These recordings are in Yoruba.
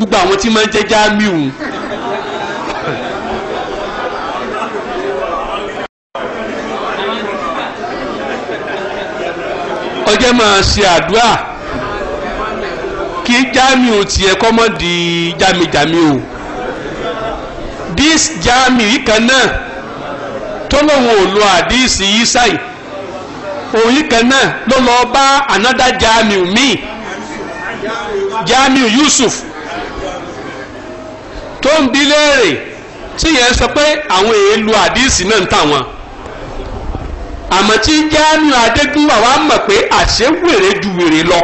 gbogbo àwọn tí máa ń jẹ́ jámíù. ọjọ́ máa ṣe àdúrà kí jámíù tiẹ̀ kọ́ mọ́ di jámijàmi o bí jámíù kan náà tọ́lọ́hún ò lo àdíìsì yìí sáì òun kan náà ló lọ́ọ́ bá anada jámíù míì jámíù Yusuf tó ń bi léèrè tí yẹn sọ pé àwọn èèyàn lu àdìsí náà ń tà wọn àmọ́ tí Jamiu Adégúnwà wa mọ̀ pé àṣẹ wèrè ju wèrè lọ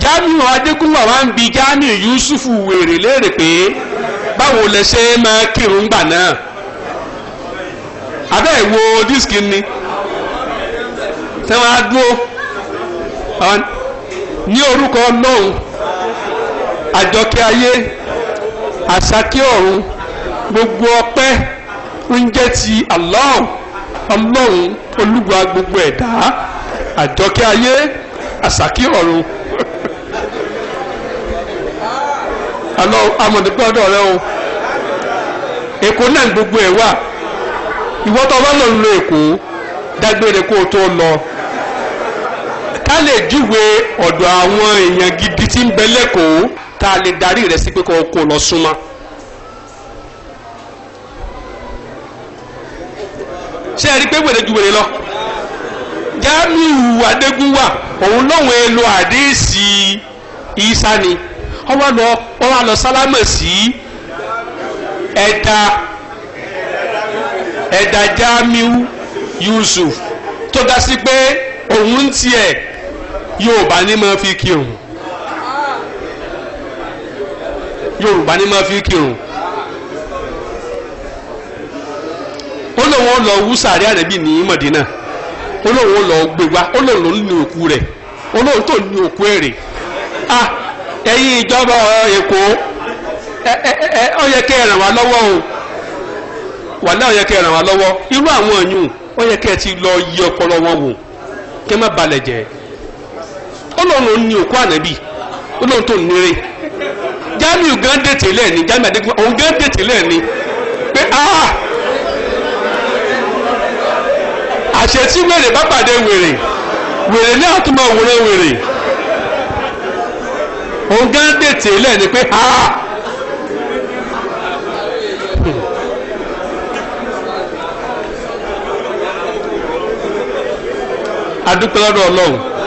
Jamiu Adégúnwà wa ń bi Jamiu Yusufu wèrè léèrè pé báwo lẹ ṣe máa kírun gbà náà abẹ́ ìwo díìskì ni tẹ́wọ́n á dúró ní orúkọ lọ́hùn. àjọkẹ́ ayé àṣàkẹ́ ọ̀run gbogbo ọpẹ́ ń jẹ́ ti Allah ọlọ́run olúwa gbogbo ẹ̀dá àjọkẹ́ ayé àṣàkẹ́ ọ̀run alọ amọ̀dẹ́gbọ́dọ̀ rẹ o èkó náà gbogbo ẹ̀ wà ìwọ tó bá lọ lọ èkó dágbére kó o tó lọ ká lè júwe ọ̀dọ̀ àwọn èèyàn gidi tí ń bẹ lẹ́kọ̀ọ́ tá a lè darí rẹ̀ sí pé kó o kó lọ súnmọ́. ṣé ẹ rí i pé wèrè ju wèrè lọ Jamiu Adégúnwà òun lóun ẹ lo àdéhìsì isa ni ọwọ́ lọ ọwọ́ lọ sálámà sí ẹ̀dá ẹ̀dá Jamiu Yusuf tó dá sí pé òun tiẹ̀ Yorùbá ni mo fi kí òun. yorùbá ni ma fi kírun ó lóun lọ wú sàárẹ àrẹbí ní mọdínà ó lóun lọ gbé ó lóun ló ní òkú rẹ̀ ó lóun tó ní òkú ẹ ah ẹ̀yin ìjọba èkó ẹ ẹ ẹ yẹ kẹ́ ẹ ràn wá lọ́wọ́ o wàlẹ ó yẹ kẹ́ ẹ ràn wá lọ́wọ́ jamiu gan dètè lẹ́ẹ̀ni jamiu adékun òun gan dètè lẹ́ẹ̀ni pé ah àṣetí wèrè bá pàdé wèrè wèrè ní àtúmọ̀ òwúrọ̀ wèrè òun gan dètè lẹ́ẹ̀ni pé ah. adúpẹ́ lọ́dọ̀ ọlọ́run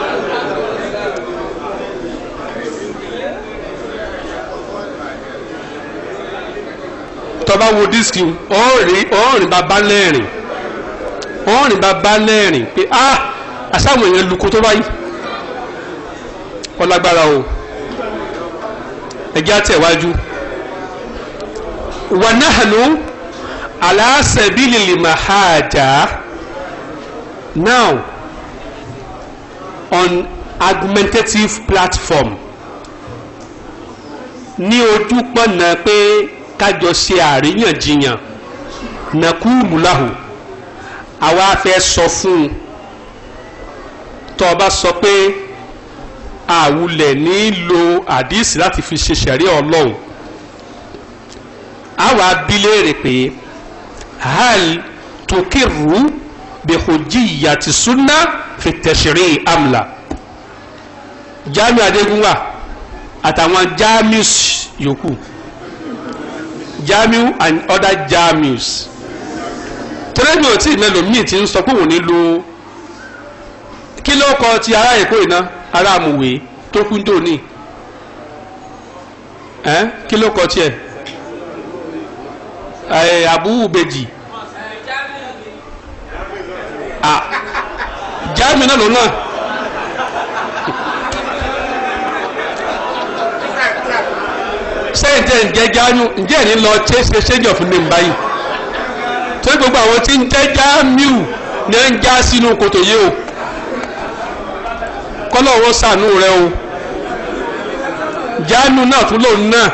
tọ́ba wo díìskì ọ̀rìn ọ̀rìn bàbá lẹ́rìn ọ̀rìn bàbá lẹ́rìn pé ah àsáwọn èèyàn luko tó báyìí ọlágbára o ẹjẹ́ àtẹ̀wájú wà nahnu ala sabilil mahaja now on argumentative platform ní ojú pọ̀nà pé kájọ ṣe àríyànjiyàn nàkúùmù láhù àwa fẹ́ sọ fún un tó o bá sọ pé àwùlẹ̀ ní lo àdíìsì láti fi ṣe ṣẹ̀rí ọlọ́run àwa bi pé hal tukiru bihujiyati sunna fi tẹ̀sírí amla jami adegunwa àtàwọn jami yòókù jamiu and other jamius tẹ́lẹ̀mí ò tí ì mẹ́lòmíì ti ń sọ pé òun ní lo kí ló kọ ti ará èkó iná ará amòwe tó kú tóní ẹ kí ló kọ tiẹ̀ ẹ àbúrò bèjì jamiu náà lòun náà. sẹ́ǹtẹ̀ ǹjẹ́ jánu ǹjẹ́ ẹ̀rí lọ ṣe change of name báyìí torí gbogbo àwọn tí ń jẹ́ jámíù ní ń já sínú kòtò yé o kọ́lọ̀ wọn sànú rẹ o jánu náà tún lòun náà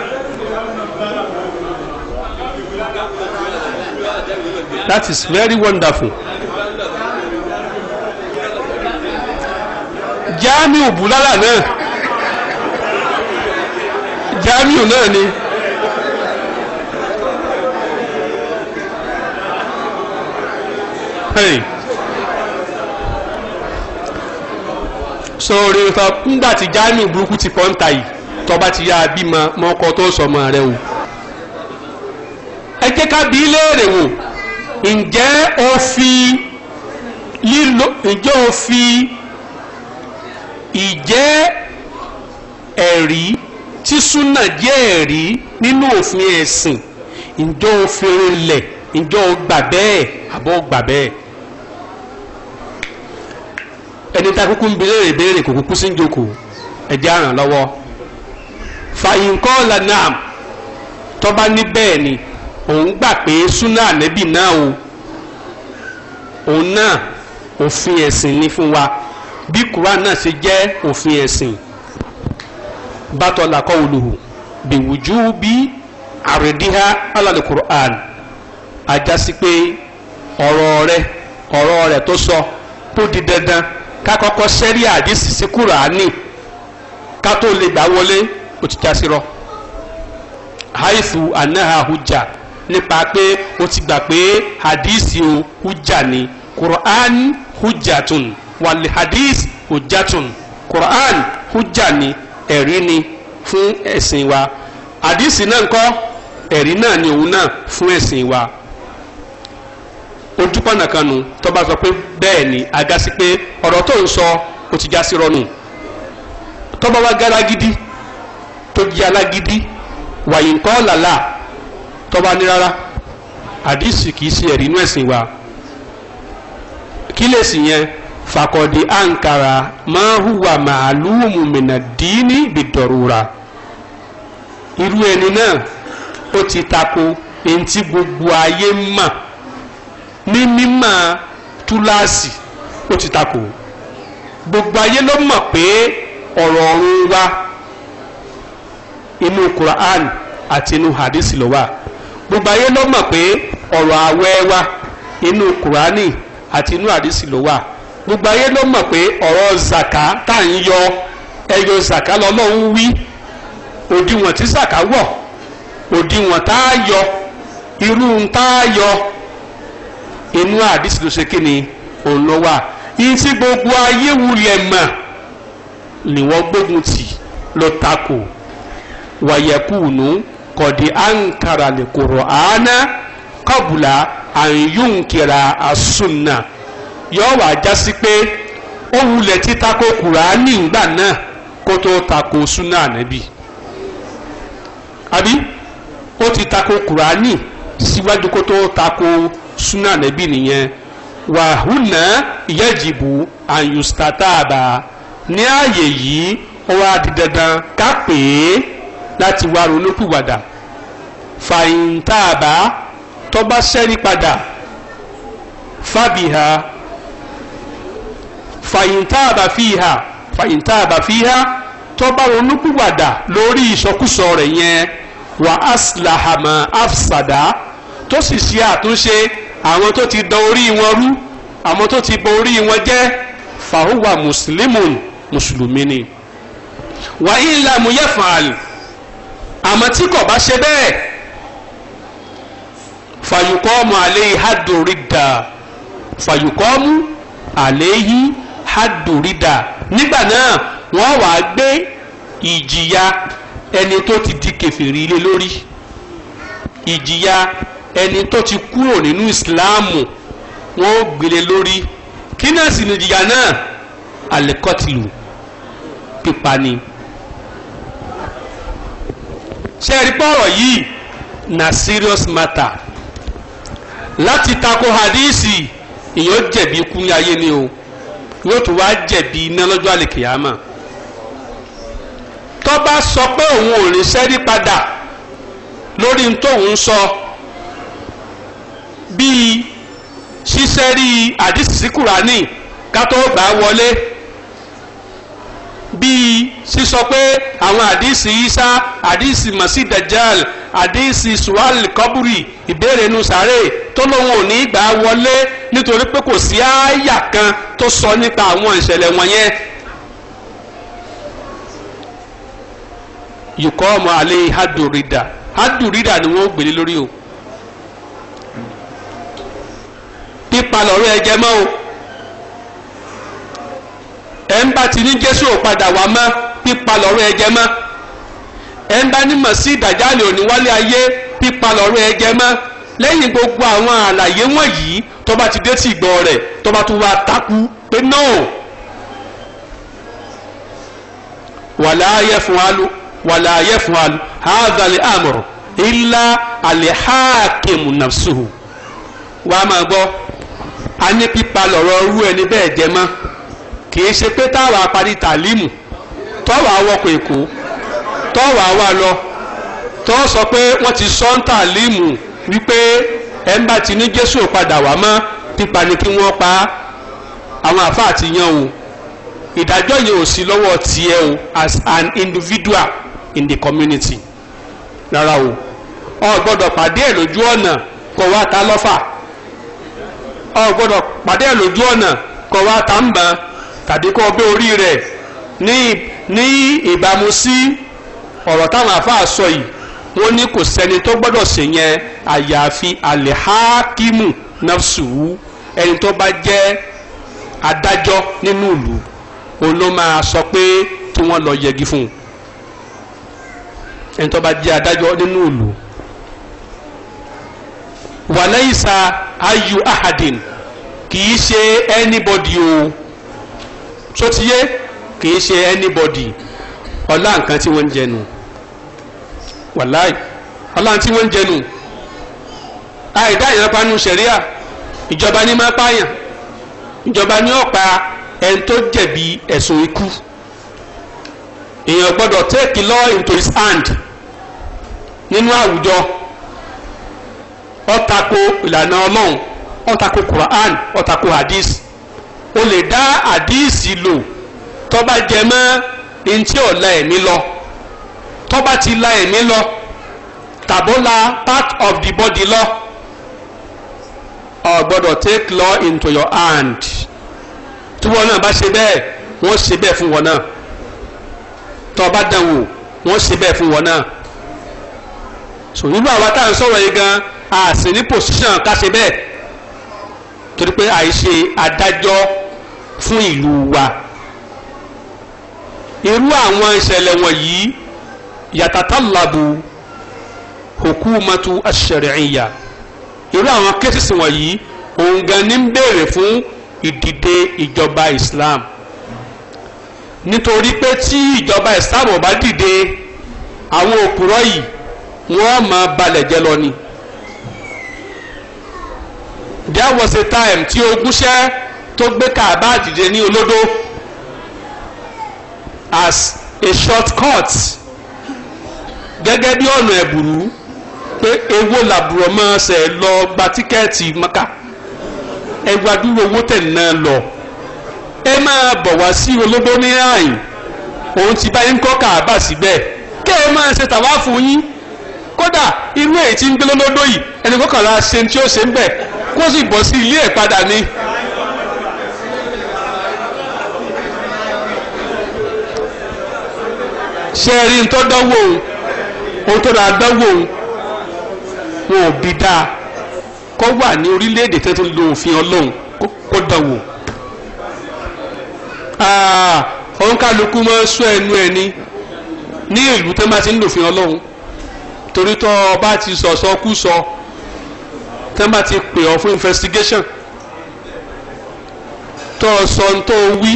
that is very wonderful. jámíù bùlálà náà. jamiu náà ni. sọ̀rọ̀ ìfọ̀ ńgbà tí jamiu burúkú ti pọ̀ ń ta yìí tọ́ba ti yá a bímọ mọ́kọ́ tó sọmọ rẹ o. ẹ jẹ́ ká bí léèrè wò ǹjẹ́ o lílo ǹjẹ́ o ìjẹ́ ẹ̀rí. E tí súnà jẹ́ ẹ̀rí nínú òfin ẹ̀sìn ǹjọ́ òfin lẹ̀ ǹjọ́ gbà bẹ́ẹ̀ àbọ̀ gbà bẹ́ẹ̀ ẹni tá a kúkú ń béèrè béèrè kò kúkú sí ń jókòó ẹ̀jẹ̀ àràn lọ́wọ́ fàyínkọ́ọ̀lá náà tọ́ba ní bẹ́ẹ̀ ni òun gbà pé súnà ànẹ́bì náà o òun náà òfin ẹ̀sìn ni fún wa bí kura náà ṣe jẹ́ òfin ẹ̀sìn batola kọ́wùlùhù bìwùjú bí àrídíhá alàlẹ́ Qur'an àjásí pé ọ̀rọ̀ rẹ̀ ọ̀rọ̀ rẹ̀ tó sọ tó di dandan ká kọ́kọ́ sẹ́rí àdìsí sí Kùránì ká tó lè gbà wọlé ó ti já rọ haifu anaha hujja nípa pé ó ti gbà pé hadisi o hujja ni Qur'an hujjatun wàlẹ̀ hadisi hujjatun Qur'an hujja ni ẹ̀rí ni fún ẹ̀sìn wa àdìsí náà kọ́ ẹ̀rí náà ni òun náà fún ẹ̀sìn wa ojúpọ̀nà kan nù sọ pé bẹ́ẹ̀ ni àga sí pé ọ̀rọ̀ tó ń sọ ó ti já sí rọnù tó bá wá gálágídí tó di alágídí wàyí ńkọ́ làlà tó ní rárá àdìsí kìí ṣe ẹ̀rí inú ẹ̀sìn wa kí lè sì yẹn fakọ̀dí ankara máa hùwà màálùmù mìnà dìínì bìdọ̀rùrà irú ẹni náà ó ti tako ẹni gbogbo ayé mà ní mímọ̀ túláàsì ó ti tako gbogbo ayé ló mọ̀ pé ọ̀rọ̀ ọ̀run wa inú Quran àti inú hadith gbogbo ayé ló mọ̀ pé ọ̀rọ̀ inú àti inú hadith gbogbo ayé ló mọ̀ pé ọ̀rọ̀ zaka tá à ń yọ ẹyọ zaka lọ́lọ́run wí òdiwọ̀n tí zaka wọ̀ òdiwọ̀n tá a yọ irú tá a yọ inú àdìsí ló ṣe kí ni òun ló wà yìí tí gbogbo ayé wulẹ̀ mọ̀ ni wọ́n gbógun tì ló takò wàyẹ̀kùnú kọ̀dí ankara lè kọ̀rọ̀ àánà kọ̀bùlà àyùnkìrà àsùnà. yóò wá jásí pé ó wulẹ̀ tako súnà ànábì àbí ó ti tako kùránì síwájú tó tako ànábì nìyẹn wàhùnà yẹ́jìbù àyùsítàtàbà ní ààyè yìí ó wá di dandan ká pè é láti wá ronúpìwàdà fàyìntàbà fàyíntáàbà fìhà fàyíntáàbà fìhà tọ́ba ronúkúwàdà lórí ìsọkúsọ rẹ̀ yẹn wà áṣìláhàmà àfṣàdá tó sì ṣe àtúnṣe àwọn tó ti dán orí wọn rú àwọn tó ti bọ orí wọn jẹ́ fàhùwà mùsùlùmùn mùsùlùmí ni wà ìlà mùyẹ́fàl àmọ́ tí kò bá ṣe bẹ́ẹ̀ fàyùkọ́mù àléhìí hádùn rídà fàyùkọ́mù àléhìí hadurida nígbà náà wọ́n wàá gbé ìjìyà ẹni tó ti di kèfèrí ilé lórí ìjìyà ẹni tó ti kúrò nínú ìsìláàmù wọ́n ó gbélé lórí kí náà sì ni ìjìyà náà alẹ́kọ́tìlù pípa ni ṣe yìí na serious matter láti tako hadisi ìyẹn ó jẹ̀bi ikú ni o yóò tún wá jẹ̀bi iná lọ́jọ́ àlèkèyàmọ̀ tó bá sọ pé òun ò rí sẹ́rí padà lórí tóun sọ bíi ṣíṣẹ́rí àdìsí kùránì ká tó gbà wọlé bíi sísọ pé àwọn àdìsí isa àdìsí masi dajjal àdìsí suwal kọbúrì ìbéèrè inú sàárè tó lóun ò ní gbà wọlé nítorí pé kò sí àyà kan tó sọ nípa àwọn ìṣẹ̀lẹ̀ wọ̀nyẹn. yùkọ́ ọmọ alẹ́ hadurida hadurida ni wọ́n gbélé lórí o pípa lọ́rọ́ ẹ jẹ mọ́ o ẹ̀ ń bá ti ní jésù ò padà wá mọ́. pípa lọ́rọ̀ ẹ jẹ mọ́ ẹ ń bá sí ìdàjálẹ̀ òníwálé ayé pípa ẹ jẹ lẹ́yìn gbogbo àwọn àlàyé wọ̀nyí tó bá ti dé sí ìgbọ́ rẹ̀ tó bá wá takú pé no wàláyé fún alu fún alu wàá máa gbọ́ a ní pípa ẹni bẹ́ẹ̀ jẹ mọ́ kì í ṣe pé táwa parí tọ́wà awọ́kọ̀ èkó tọ́wà wà lọ tọ́ sọ pé wọ́n ti sọ ń tà wípé ẹ̀ ń bá ti ní jésù padà wá mọ́ pípa ni kí wọ́n pa àwọn àfáà ti yan o ìdájọ́ yẹn ò sí lọ́wọ́ tiẹ̀ o as an individual in the community rárá o ọ gbọ́dọ̀ pàdé ẹ̀ lójú ọ̀nà kó wá ta lọ́fà ọ gbọ́dọ̀ pàdé ẹ̀ lójú ọ̀nà kó wá ta ń bàn tàbí kó bẹ́ orí rẹ̀ ní ní ìbámu sí ọ̀rọ̀ táwọn àfáà sọ yìí wọ́n ní kò sẹ́ni tó gbọ́dọ̀ ṣe yẹn àyàfi alihakimu nafsuhu ẹni tó bá jẹ́ adájọ́ nínú ìlú òun ló máa sọ pé kí wọ́n lọ yẹgi fún un ẹni tó bá jẹ́ adájọ́ nínú ìlú wàlẹ́yìísá ayu ahadin kì í ṣe anybody o sotiye. kì í ṣe anybody ọlá nǹkan tí wọ́n ń jẹnu wàláì ọlá tí wọ́n ń jẹnu àìdá ìyànpanu sẹ̀ríà ìjọba ní máa pààyàn ìjọba ní ọ̀pá ẹni tó jẹ̀bi ẹ̀sùn ikú èèyàn gbọ́dọ̀ take law into his hand nínú àwùjọ ó ìlànà ọlọ́run ó Quran hadith o lè dá hadith lò. tó bá jẹ mọ́ ntí ò la ẹ̀mí lọ tó ti la ẹ̀mí lọ tàbó la part of the body lọ o gbọ́dọ̀ take law into your hand tí wọn náà bá ṣe bẹ́ẹ̀ wọ́n ṣe bẹ́ẹ̀ fún wọn náà tó bá dàn ṣe bẹ́ẹ̀ fún wọn náà so nínú àwa tá à ń sọ̀rọ̀ yìí gan a sì ní position ká ṣe bẹ́ẹ̀ torí pé àìṣe adájọ́ fún ìlú wa irú àwọn ìṣẹ̀lẹ̀ wọ̀nyí yàtàtàlàbù hukumatu ash-shar'iyya irú àwọn kéṣìṣì wọ̀nyí òun gan ní ń béèrè fún ìdìde ìjọba Islam nítorí pé tí ìjọba Islam ò bá dìde àwọn òpùrọ̀ yìí wọ́n máa balẹ̀ jẹ́ lọ ni there was a time tí ogúnṣẹ́ tó gbé Kaaba dìde ní olódó as a shortcut gẹ́gẹ́ bí ọ̀nà ẹ̀bùrú pé ewó làbúrò máa ṣe lọ gba tíkẹ́ẹ̀tì mọ́kà ẹgbàá dúró owó tẹ̀ náà lọ ẹ máa bọ̀ wá sí olóbó ní àyìn òun ti bá yín kọ́ kàábà síbẹ̀ kí ẹ máa ṣe tàwa fún yín kódà inú èyí tí ń gbé lọ́lọ́dọ́ yìí ẹnì kọ́kànlá ṣe tí ó ṣe ń bẹ̀ kó sì bọ̀ sí ilé ẹ̀ padà ni. ṣe rí ntọ́dọ́wò ohun tó dáa dánwò wọn ò bí dáa kọ́ wà ní orílẹ̀-èdè tó ti lo òfin ọlọ́run kó dánwò. Ah, òǹkàlùkù máa ń sọ ẹnu ẹ ní ní ìlú tó máa ti ń lòfin ọlọ́run torí tó ọba ti sọ̀sọ́ kú sọ tó máa ti pè ọ́ fún investigation tó sọ ń tó wí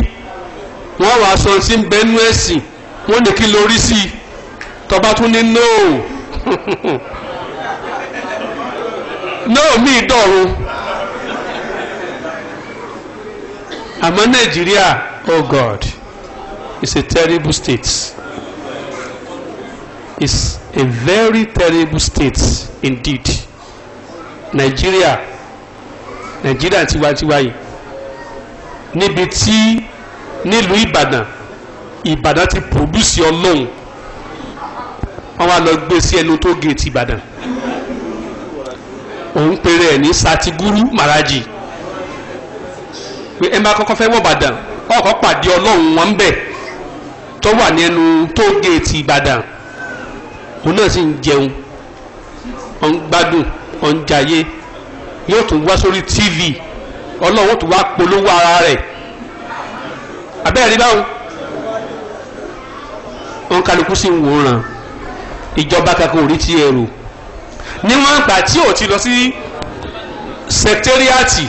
wọ́n wàá sọ sí bẹ́ẹ̀ ẹ̀sìn wọ́n ní kí lórí sí i tọba tún ní nóò nóò míì dọ̀run àmọ́ nàìjíríà oh god it's a terrible state it's a very terrible state indeed nàìjíríà nàìjíríà tiwantiwa yìí níbi tí nílùú ìbàdàn ìbàdàn ti pòdúsì ọlọ́run wọ́n wá lọ gbé sí ẹnu tó géètì ìbàdàn òun péré ẹ̀ ní satiguru maraji pé ẹ máa kọ́kọ́ fẹ́ wọ̀ ìbàdàn ọkọ̀ pàdé ọlọ́run wọn bẹ̀ tó wà ní ẹnu tó géètì ìbàdàn òun náà sì ń jẹun ó ń gbádùn ó ń jayé yóò tún wá sórí tv ọlọ́run ó tún wá polówó ara rẹ̀ abẹ́rẹ́ rí báwọn wọn kálukú sí ń wòran ìjọba kankan ò rí ti ẹrù níwọ̀n ìgbà tí ò ti lọ sí sẹkítẹ́rìàtì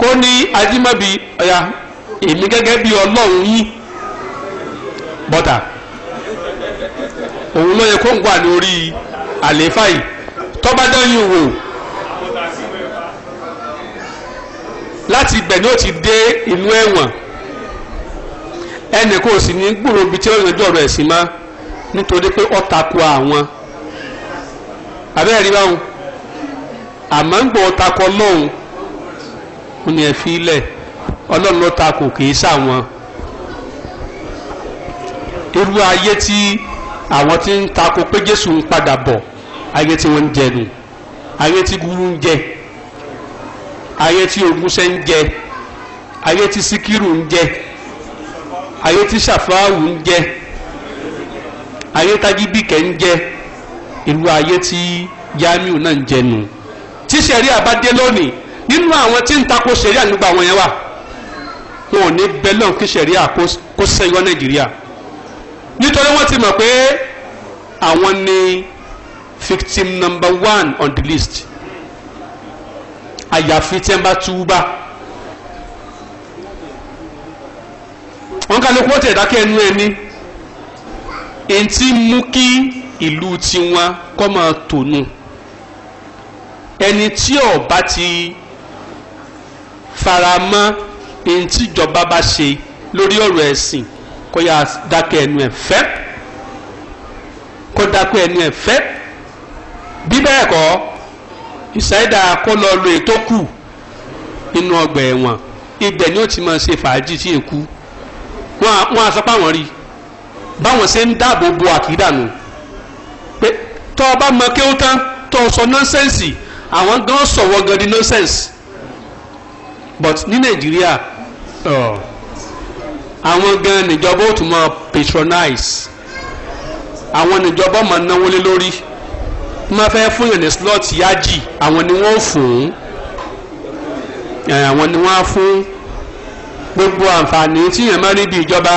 kó ní ajímọ̀bí ọ̀yà èmi gẹ́gẹ́ bí ọlọ́run yín bọ́tà òun ló yẹ kó ń wà lórí àlééfà yìí tọ́ba dẹ́yìn wò láti ibẹ̀ ni ó ti dé inú ẹ̀wọ̀n. E ẹnì kò sì ní gbúrò ibi tí ó yọjú ọ̀rọ̀ ẹ̀sìn má nítorí pé ó tako àwọn abẹ́rẹ́ báwọn àmọ́ ń gbọ́ ó ó ní ẹ fi ilẹ̀ ọlọ́run kìí sàwọn ti ń Jésù ń padà bọ̀ ayé tí wọ́n ń ayé tí gúrú ń jẹ ayé tí ń jẹ ayé tí ṣàfáàwù ń jẹ ayé tágídìkẹ ń jẹ irú ayé tí yámiù náà ń jẹnu tí sẹríà bá dé lónìí nínú àwọn tí ń tako sẹríà nígbà wọn yẹn wà wọn ò ní bẹlọ̀n kí sẹríà kó sẹ́yọ́ nàìjíríà nítorí wọ́n ti mọ̀ pé àwọn ni victim number one on the list àyàfi tí wọ́n bá túbà. kálukú wọ́n tẹ̀ dákẹ́ ẹnu ẹni èyí tí mú kí ìlú tiwọn kọ́ máa tònú ẹni tí ó bá ti fara mọ́ èyí tí ìjọba bá ṣe lórí ọ̀rọ̀ ẹ̀sìn kó yá dákẹ́ ẹnu ẹ̀ fẹ́ kó dákẹ́ ẹnu ẹ̀ fẹ́ bí bẹ́ẹ̀ kọ́ ìṣẹ́dá kó lọ lo ètò kù nínú ọgbà ẹ̀wọ̀n ibẹ̀ ni ó ti máa ṣe fàájì tí èkú. E wọ́n á sọ pé àwọn rí báwọn ṣe ń dáàbò bo àkìdá nù pé tọ́ ọ bá mọ kí ó tán tọ́ ọ sọ nọ́nsẹ̀nsì àwọn gan sọ̀wọ́ gan di nọ́nsẹ̀nsì but ní nàìjíríà àwọn gan níjọba ó tún mọ patronize àwọn níjọba máa náwó lé lórí máa fẹ́ fún yàn ní slot yájì àwọn ni wọ́n fún àwọn ni wọ́n á fún. gbogbo àǹfààní tí yẹn máa níbi ìjọba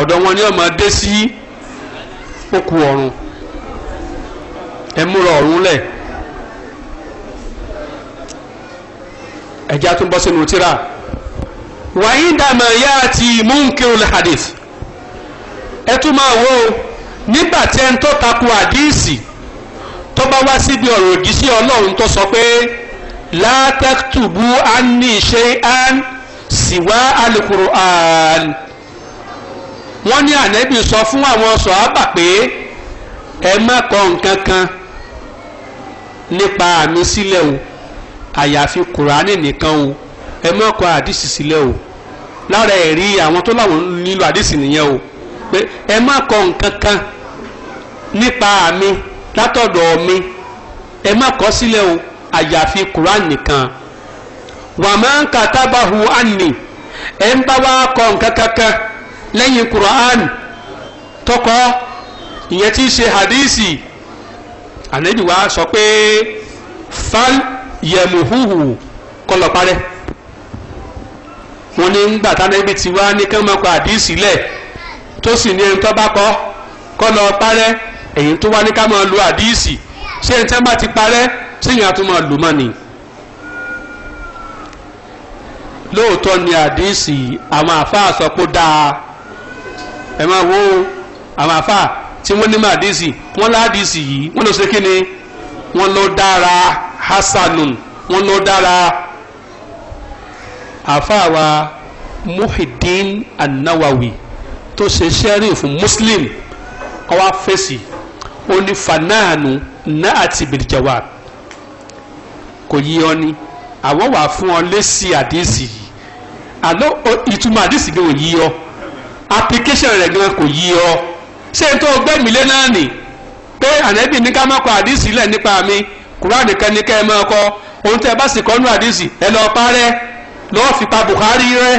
ọ̀dọ̀ wọn ni ọmọ dé sí òkú ọ̀run ẹ múra ọ̀run lẹ̀ ẹ̀já tún bọ́ sínú tíra wàyí dàmà yá àti munkirul hadith ẹ tún máa nígbà tí ẹ ń sọ pé. la taktubu anni shay'an siwa alukur'an wọ́n ní ànẹ́bí sọ fún àwọn sọ̀hábà pé ẹ má kọ nǹkan kan nípa àmì sílẹ̀ o àyàfi kùránì nìkan o ẹ má kọ àdìsí sílẹ̀ o lára ẹ̀rí àwọn tó láwọn nílò àdìsí nìyẹn o pé ẹ má kọ nǹkan kan nípa àmì látọ̀dọ̀ mi ẹ má kọ sílẹ̀ o àyàfi Quran nìkan wàmọ́ kàtàbàhù ànì ẹ̀ ń bá wa kọ nǹkan kankan lẹ́yìn Quran tọkọ ìyẹn tí ṣe hadisi ànábì wa sọ pé fal yẹmuhuhu kọlọ parẹ́ wọn ní gbà tánẹ́bí ti wá ní kí wọ́n kọ hadisi lẹ̀ tó sì ní ẹni tó bá kọ kọlọ parẹ́ èyí tó wá ní ká máa lo hadisi ṣé ẹni tí wọ́n bá ti parẹ́ síyìn àtúmọ̀ lùmọ́ni lóòótọ́ ni àdìsí àwọn àfáà sọ pé dáa ẹ máa wo àwọn àfáà tí wọ́n ní màdìsí wọ́n ládìsí yìí wọ́n lọ sí kí wọ́n lọ dára hasanun wọ́n lọ dára àfáà wa muhiddin an-nawawi tó ṣe sẹ́rìn fún muslim ọwọ́ fèsì ó ní fanáànù náà àti bìrìjàwá kò yí ọ ni àwọ̀ wà fún ọ lẹ́sí àdéhìsì yìí àlọ́ ìtumọ̀ àdéhìsì ni ò yí ọ application rẹ̀ gan kò yí ọ ṣé n tó gbẹ́mìí lé náà nì pé ànẹ́bì ní ká má kọ àdéhìsì lẹ̀ nípa mi kúránì kan ní ká ẹ máa kọ ohun tẹ́ ẹ bá sì kọ́ nú àdéhìsì ẹ lọ́ọ́ parẹ́ lọ́ọ́ fi pa Bukhari rẹ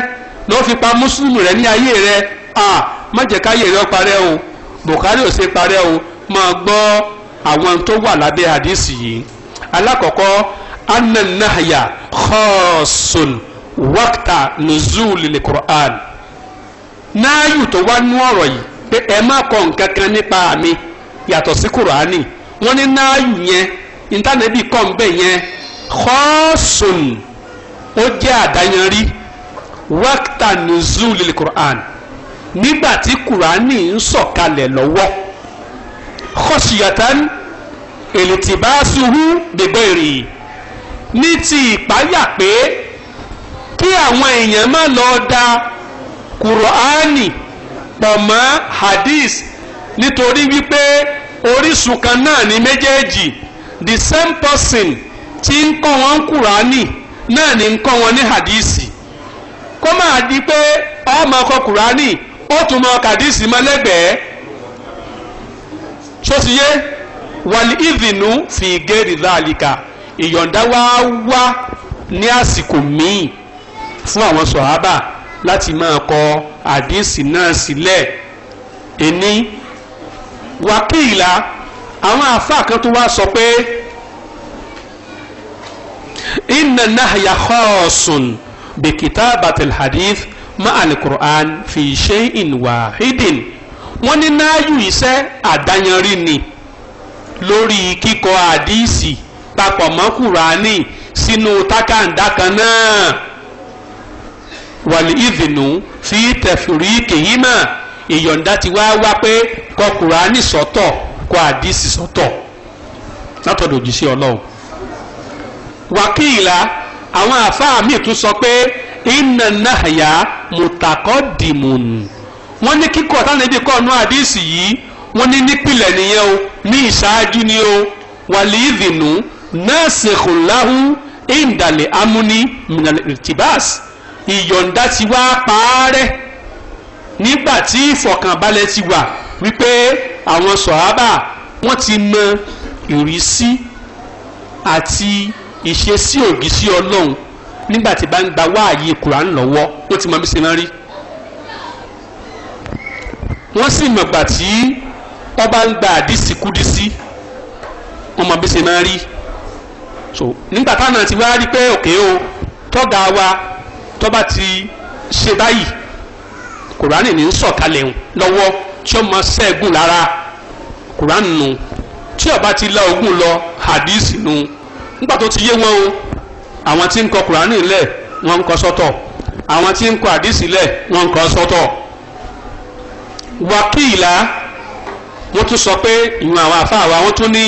lọ́ọ́ fi pa Muslim rẹ ní ayé rẹ má jẹ́ ká yẹ̀ rẹ o Bukhari ò ṣe parẹ́ o máa gbọ́ àwọn tó wà lábẹ́ àdéhìsì yìí alákọ̀ọ́kọ́ anna nahya khaasun wakta nuzuli li qur'an náàyù tó wá nú ọ̀rọ̀ yìí pé ẹ má kọ nǹkan kan nípa mi yàtọ̀ sí kùránì wọ́n ní náàyù yẹn ìtànẹ́bì kọ́ ń bẹ̀ yẹn khaasun ó jẹ́ àdáyanrí wakta nuzuli li qur'an nígbà tí kùránì ń sọ̀kalẹ̀ lọ́wọ́ khashiyatan elitibasuhu bẹ̀bẹ̀ rèé ní ti ìpáyà pé kí àwọn èèyàn má lọ da kùrọ̀ánì pọ̀ mọ́ nitori nítorí wípé orísun kan náà ni méjèèjì the same person ti ń kọ́ wọn ń kùránì náà ni ń kọ́ wọn ní hadisi kó máa di pé ọmọ kọ kùránì ó tún mọ kàdísì mọ́lẹ́gbẹ̀ẹ́ sọ́sìyé wàlí fi gẹ́rì dáàlíkà. ìyọ̀ǹda wá wá ní àsìkò míì fún àwọn sọ̀hábà láti máa kọ àdínsì náà sílẹ̀ ẹni wákìlá àwọn àáfàá kan tó wá sọ pé inna nahya khaasun bi kitabatil hadith ma'al qur'an fi shay'in wahidin wọ́n ní náàyù iṣẹ́ àdáyanrí ni lórí kíkọ àdíìsì papọ̀ mọ́ kùránì sínú tákàndá kan náà wàlí ìdìnnú fi tẹ̀fùrí kèyímà ìyọ̀ǹda ti wá wá pé kọ kùránì sọ́tọ̀ kọ àdìsí sọ́tọ̀ látọ̀dọ̀ òjíṣẹ́ ọlọ́run wákìlá àwọn àfáà míì tún sọ pé iná náà yá mùtàkọ́ dìmùnù wọ́n ní kíkọ́ táwọn kọ́ ọ̀nà àdìsí yìí wọ́n ní nípìlẹ̀ nìyẹn o ní ìṣáájú ni o wàlí ìdìnnú nasikhun lahu indale amuni minal irtibas ìyọ̀ǹda ti wá paárẹ́ nígbà tí ìfọ̀kànbalẹ̀ ti wà wípé àwọn sọ̀hábà wọ́n ti mọ ìrísí àti ìṣesí ògìsí ọlọ́run nígbà tí bá ń gba wáàyè Quran lọ́wọ́ wọ́n ti mọ bí ṣe máa rí wọ́n sì mọ̀gbà tí wọ́n bá ń gba àdìsí kúdìsí wọ́n mọ bí ṣe máa rí so nígbà táwọn ti wá rí pé òkè o tọ́gà wa tọ́ba ti ṣe báyìí kùránì ní sọ̀kalẹ̀ lọ́wọ́ tí ó mọ sẹ́ẹ̀gùn lára kùránì nù tí ọba ti la ogun lọ hadith nù nígbà tó ti yé wọn o àwọn tí ń kọ kùránì lẹ̀ wọ́n ń kọ sọ́tọ̀ àwọn tí ń kọ hadith lẹ̀ wọ́n ń kọ sọ́tọ̀ wákìlá wọ́n tún sọ pé ìwọ̀n àwọn àfa àwa tún ní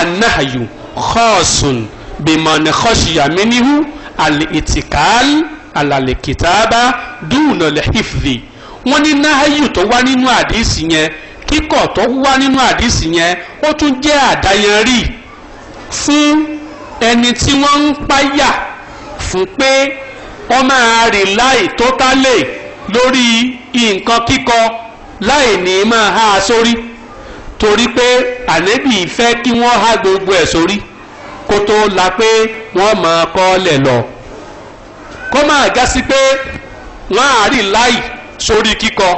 anahayu khọ́ọ̀sùn bimane khoshiya minihu al-itikal alalikitaba duna lehifdi wọ́n ní nahayu tó wá nínú àdìsí yẹn kíkọ̀ tó wá nínú àdìsí yẹn ó tún jẹ́ àdáyanrí fún ẹni tí wọ́n ń páyà fún pé wọ́n máa rìn láì tó tálẹ̀ lórí nǹkan kíkọ láì ní máa há a sórí torí pé àlébì fẹ́ kí wọ́n há gbogbo ẹ̀ sórí. So kó tó la pé wọ́n máa kọ́ lẹ̀ lọ kó máa já sí pé wọ́n á rí láì sórí kíkọ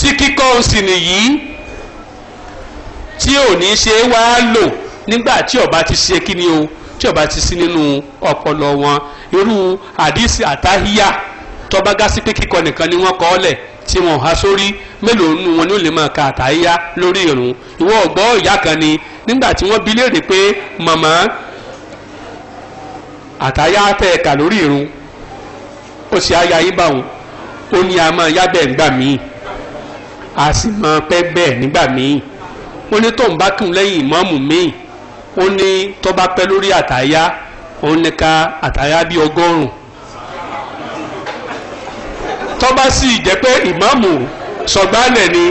tí kíkọ ń sì nìyí tí ò ní ṣe wá lò nígbà tí ọba ti ṣe kí ni o tí ọba ti sí nínú ọpọlọ wọn irú àdìsí àtàhíyà tọba gá sí pé kíkọ nìkan ni wọ́n kọ ọ lẹ̀ tí wọn há sórí mélòó nù wọn ni ó lè máa ka àtàyà lórí irun ìwọ ọgbọ ìyá kan ni nígbà tí wọ́n bi léèrè pé màmá àtàyà tẹ ẹ̀ka lórí irun ó sì aya yín báwọn ó ní a máa yábẹ̀ ńgbà míì a sì máa pẹ́ bẹ́ẹ̀ nígbà míì ó ní tóun bá kírun lẹ́yìn ìmọ̀ọ́mù míì ó ní tó bá lórí àtàyà òun ní ka àtàyà bíi ọgọ́rùn-ún sì jẹ́ pé ìmọ̀ọ́mù sọ̀gbálẹ̀ ni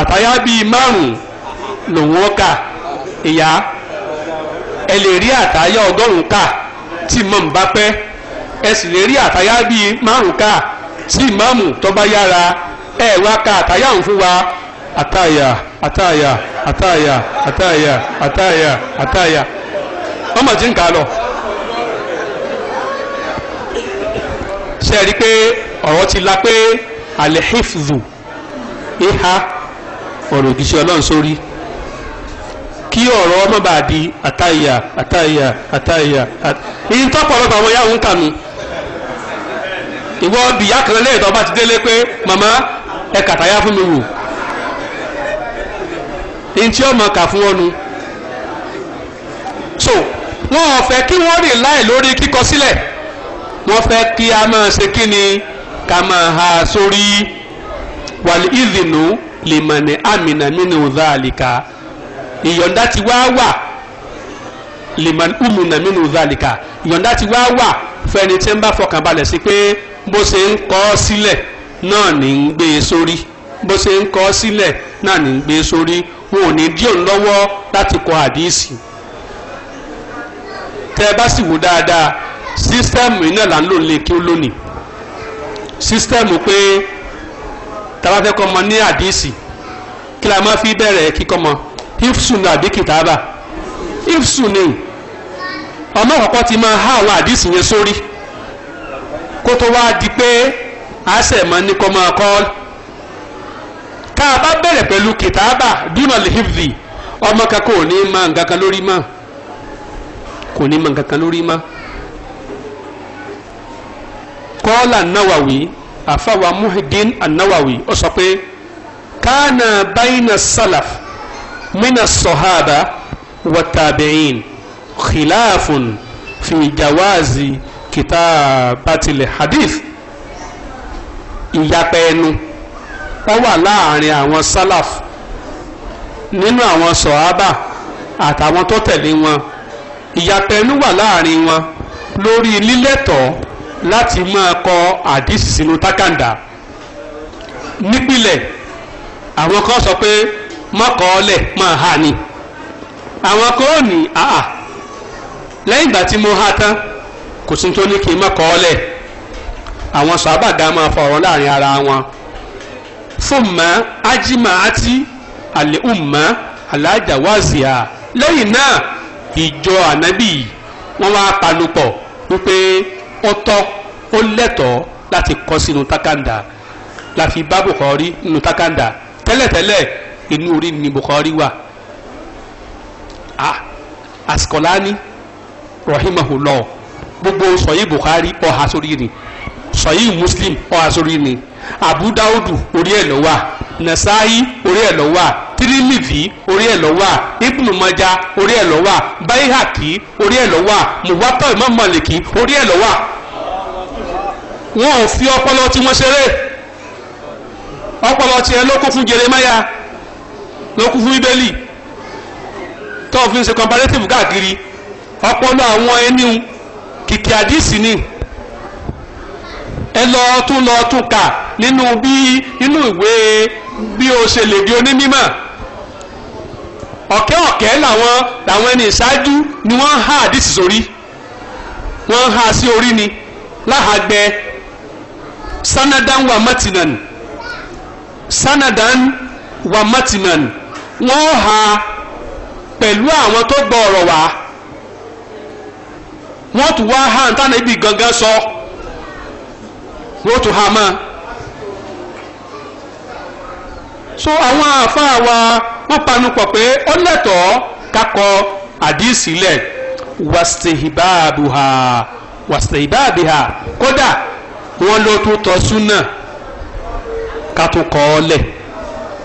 àtàyà bíi márùn lòun ó ìyá ẹ lè rí àtàyà ọgọ́rùn-ún tí mọ̀mù bá pẹ́ ẹ sì lè rí àtàyà bíi márùn ká tí ìmáàmù tó bá yára ẹ wá ka àtàyà òun fún wa àtàyà àtàyà àtàyà àtàyà àtàyà àtàyà ọmọ tí ń kà lọ. ṣe rí i pé ọ̀rọ̀ ti la pé alẹ́ hifzu ìhà ọ̀rọ̀ ògìṣẹ́ ọlọ́run sórí. So kí ọ̀rọ̀ ọmọ bá di àtàyà àtàyà àtàyà ìyí tọ́pọ̀lọpọ̀ àwọn yahoo ń kà mí ìwọ di ìyá kan lẹ́yìn tó bá ti délé pé màmá ẹ kàtàyà fún mi wò ní tí ọmọ kà fún ọnu so wọn ò fẹ́ kí wọ́n rìn láì lórí kíkọ sílẹ̀ wọ́n fẹ́ kí a máa ṣe kí ni ká máa ha sórí wàlí ìdìnnú ìyọ̀ǹda ti wá wà liman umuna zalika ìyọ̀ǹda ti wá wà tí ń bá sí pé bó ṣe ń kọ sílẹ̀ náà ní ń gbé e sórí bó ṣe ń sílẹ̀ náà ní ń gbé e sórí wọn ò ní dí lọ́wọ́ láti kọ àdíìsì tẹ́ dáadáa sísítẹ́ẹ̀mù iná là ń lò kí ó lónìí pé ní àdíìsì kí la fi bẹ̀rẹ̀ kíkọ́ ọmọ. ifsu ni àbí kìtàbà ifsu ni ọmọ àkọ́kọ́ ti máa há àwọn àdìsí yẹn sórí kó tó wá di pé àṣẹmọ ní kó máa kọ́ tá a bá bẹ̀rẹ̀ pẹ̀lú kìtàbà dúnà lè hifzi ọmọ kan kò ní máa nǹkan kan lórí máa kò ní máa nǹkan kan lórí máa kọ́lá náwàwí àfàwà muhiddin anáwàwí ó sọ pé kánà báyìí na sálàfù. من الصحابة والتابعين خلاف في جواز كتابة الحديث ìyapa ẹnu ó wà láàrin àwọn sálàf nínú àwọn sọ̀hábà àtàwọn tó tẹ̀lé wọn ìyapa ẹnu wà láàrin wọn lórí lílẹ́tọ̀ọ́ láti máa kọ àdìsí sínú tákàndá nípìnlẹ̀ àwọn kan sọ pé mọ́kọ́ọ́lẹ̀ máa hà ni àwọn kan ò ní àà lẹ́yìn ìgbà tí mo há tán kò sí tó ní kí n mọ́kọ́ọ́lẹ̀ àwọn sàbàgà máa fọ̀rọ̀ láàrin ara wọn fún mọ́ ajímọ̀ àti àlẹ́ ùmọ́ alájà wáàzìá lẹ́yìn náà ìjọ ànábì wọ́n wá panupọ̀ wípé ó tọ́ ó lẹ́tọ̀ọ́ láti kọ sínú takanda láfi bábù rí nínú takanda tẹ́lẹ̀tẹ́lẹ̀ inú orí ni Bukhari wà ah Askolani rahimahullah gbogbo sọyí Bukhari ọha sórí ni sọyí Muslim ọha sórí ni Abu Daudu orí ẹ̀ ló wà Nasai orí ẹ̀ ló wà Tirmidhi orí ẹ̀ ló wà Ibnu Majah orí ẹ̀ ló wà Baihaqi orí ẹ̀ ló wà Muwatta Imam Maliki orí ẹ̀ ló wà wọn ò fi ọpọlọ tí wọn ṣeré ọpọlọ tiẹ̀ ló kún fún Jeremaya ló kún fún bíbélì tó fi ń ṣe comparative káàkiri ọpọlọ àwọn ẹni kìkì àdìsí ni ẹ lọ tún lọ tún kà nínú bí nínú ìwé bí o ṣe lè di onímọ̀ ọ̀kẹ́ ọ̀kẹ́ làwọn làwọn ẹni ìṣáájú ni wọ́n ń há àdìsí sórí wọ́n ń há sí orí ni láhàgbẹ́ sanadan wa matinan sanadan wa matinan. wọ́n ha pẹ̀lú àwọn tó gbọ́ ọ̀rọ̀ wá wọ́n tún wá ha níta ibi gangan sọ wọ́n tún ha mọ́ so àwọn àáfàá wa wọ́n panupọ̀ pé ó lẹ́tọ̀ọ́ kakọ àdìsí lẹ̀ wàsíhìbáàbùhà wàsíhìbáàbùhà kódà wọ́n ló tún tọ́ náà ká tún kọ́ ọ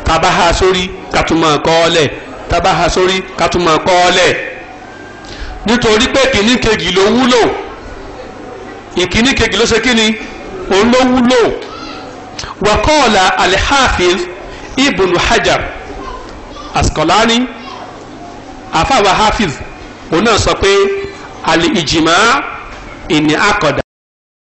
tàbá ha sórí kàtúmọ̀ kọ́ ọ lẹ̀ tàbá ha sórí kàtúmọ̀ kọ́ ọ lẹ̀ nítorí pé kìíní kejì ló wúlò ìkíní kejì ló ṣe kíni òun ló wúlò wàkọ́ọ̀lá alhafiz ibùnú hajar askolani afáwa hafiz òun náà pé alìjìmá ìní akọ̀dà.